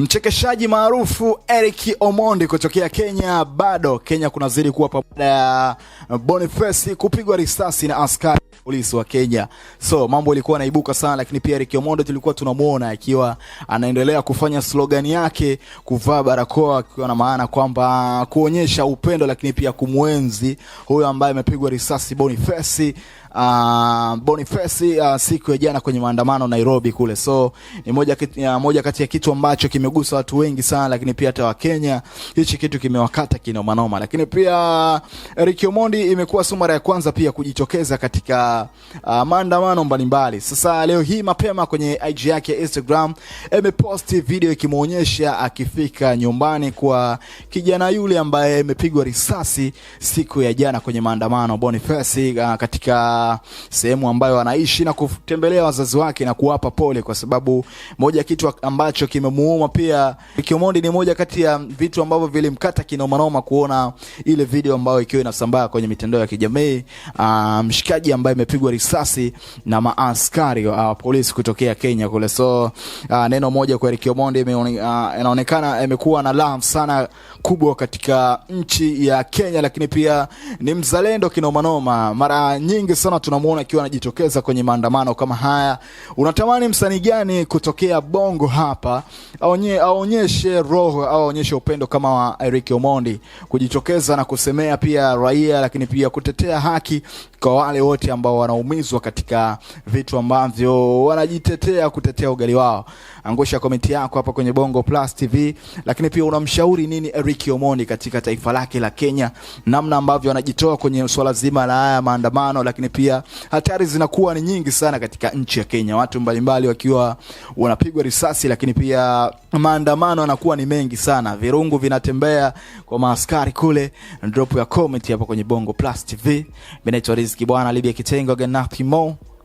Mchekeshaji maarufu Eric Omondi kutokea Kenya, bado Kenya kunazidi kuwa baada ya Boniface kupigwa risasi na askari polisi wa Kenya. So mambo ilikuwa naibuka sana, lakini pia Eric Omondi tulikuwa tunamwona akiwa anaendelea kufanya slogan yake, kuvaa barakoa, akiwa na maana kwamba kuonyesha upendo, lakini pia kumwenzi huyo ambaye amepigwa risasi Boniface uh, Boniface uh, siku ya jana kwenye maandamano Nairobi kule. So ni moja, kati ah, ya moja kati ya kitu ambacho kimegusa watu wengi sana, lakini pia hata wa Kenya hichi kitu kimewakata kina manoma. Lakini pia Eric Omondi imekuwa si mara ya kwanza pia kujitokeza katika uh, maandamano mbalimbali. Sasa leo hii mapema kwenye IG yake ya Instagram amepost video ikimuonyesha akifika nyumbani kwa kijana yule ambaye amepigwa risasi siku ya jana kwenye maandamano Boniface uh, katika sehemu ambayo anaishi na kutembelea wazazi wake na kuwapa pole, kwa sababu moja kitu ambacho kimemuuma pia Ricky Omondi, ni moja kati ya vitu ambavyo vilimkata kinomanoma kuona ile video ambayo ikiwa inasambaa kwenye mitandao ya kijamii uh, mshikaji ambaye amepigwa risasi na maaskari wa uh, polisi kutokea Kenya kule. So uh, neno moja kwa Ricky Omondi ah, inaonekana uh, imekuwa na laam sana kubwa katika nchi ya Kenya, lakini pia ni mzalendo kinomanoma mara nyingi sana tunamuona akiwa anajitokeza kwenye maandamano kama haya. Unatamani msanii gani kutokea Bongo hapa aonye, aonyeshe roho au aonyeshe upendo kama wa Eric Omondi kujitokeza na kusemea pia raia, lakini pia kutetea haki kwa wale wote ambao wanaumizwa katika vitu ambavyo wanajitetea kutetea ugali wao. Angusha komenti yako hapa kwenye Bongo Plus TV, lakini pia unamshauri nini Eric Omondi katika taifa lake la Kenya, namna ambavyo anajitoa kwenye swala zima la haya maandamano, lakini pia hatari zinakuwa ni nyingi sana katika nchi ya Kenya, watu mbalimbali wakiwa wanapigwa risasi, lakini pia maandamano yanakuwa ni mengi sana, virungu vinatembea kwa maaskari kule. Drop ya comment hapa kwenye Bongo Plus TV, mimi naitwa Rizki bwana Libia Kitengo Ganathimo.